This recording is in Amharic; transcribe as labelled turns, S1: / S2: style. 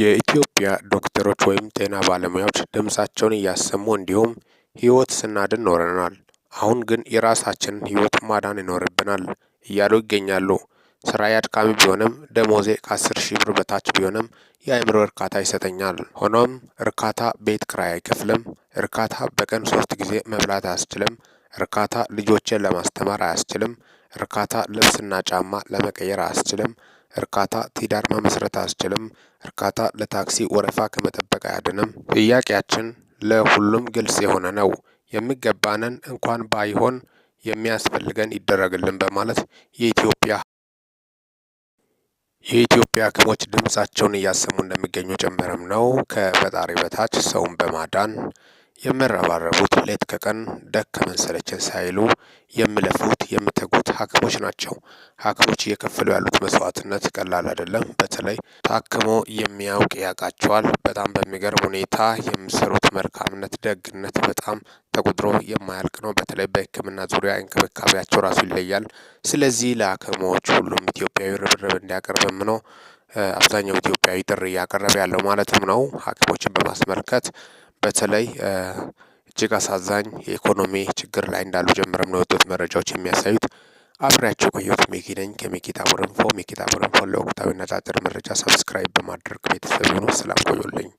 S1: የኢትዮጵያ ዶክተሮች ወይም ጤና ባለሙያዎች ድምፃቸውን እያሰሙ እንዲሁም ህይወት ስናድን ኖረናል፣ አሁን ግን የራሳችንን ህይወት ማዳን ይኖርብናል እያሉ ይገኛሉ። ስራ አድካሚ ቢሆንም ደሞዜ ከአስር ሺህ ብር በታች ቢሆንም የአእምሮ እርካታ ይሰጠኛል። ሆኖም እርካታ ቤት ክራይ አይከፍልም፣ እርካታ በቀን ሶስት ጊዜ መብላት አያስችልም፣ እርካታ ልጆችን ለማስተማር አያስችልም፣ እርካታ ልብስና ጫማ ለመቀየር አያስችልም፣ እርካታ ትዳር መመስረት አያስችልም። እርካታ ለታክሲ ወረፋ ከመጠበቅ አያድንም። ጥያቄያችን ለሁሉም ግልጽ የሆነ ነው። የሚገባንን እንኳን ባይሆን የሚያስፈልገን ይደረግልን በማለት የኢትዮጵያ የኢትዮጵያ ሐኪሞች ድምጻቸውን እያሰሙ እንደሚገኙ ጭምርም ነው። ከፈጣሪ በታች ሰውን በማዳን የሚረባረቡት ሌት ከቀን ደከመን ሰለቸን ሳይሉ የሚለፉት የሚተጉት ሐኪሞች ናቸው። ሐኪሞች እየከፈሉ ያሉት መስዋዕትነት ቀላል አይደለም። በተለይ ታክሞ የሚያውቅ ያውቃቸዋል። በጣም በሚገርም ሁኔታ የሚሰሩት መልካምነት፣ ደግነት በጣም ተቆጥሮ የማያልቅ ነው። በተለይ በሕክምና ዙሪያ እንክብካቤያቸው ራሱ ይለያል። ስለዚህ ለሐኪሞች ሁሉም ኢትዮጵያዊ ርብርብ እንዲያቀርብም ነው አብዛኛው ኢትዮጵያዊ ጥሪ እያቀረበ ያለው ማለትም ነው። ሐኪሞችን በማስመልከት በተለይ እጅግ አሳዛኝ የኢኮኖሚ ችግር ላይ እንዳሉ ጀምረም ነው የወጡት መረጃዎች የሚያሳዩት። አብሬያቸው ቆየሁት። ሜኪ ነኝ ከሜኪታ ቦረንፎ። ሜኪታ ቦረንፎ ለወቅታዊና አጫጭር መረጃ ሰብስክራይብ በማድረግ ቤተሰብ ሆኖ ሰላም ቆዩልኝ።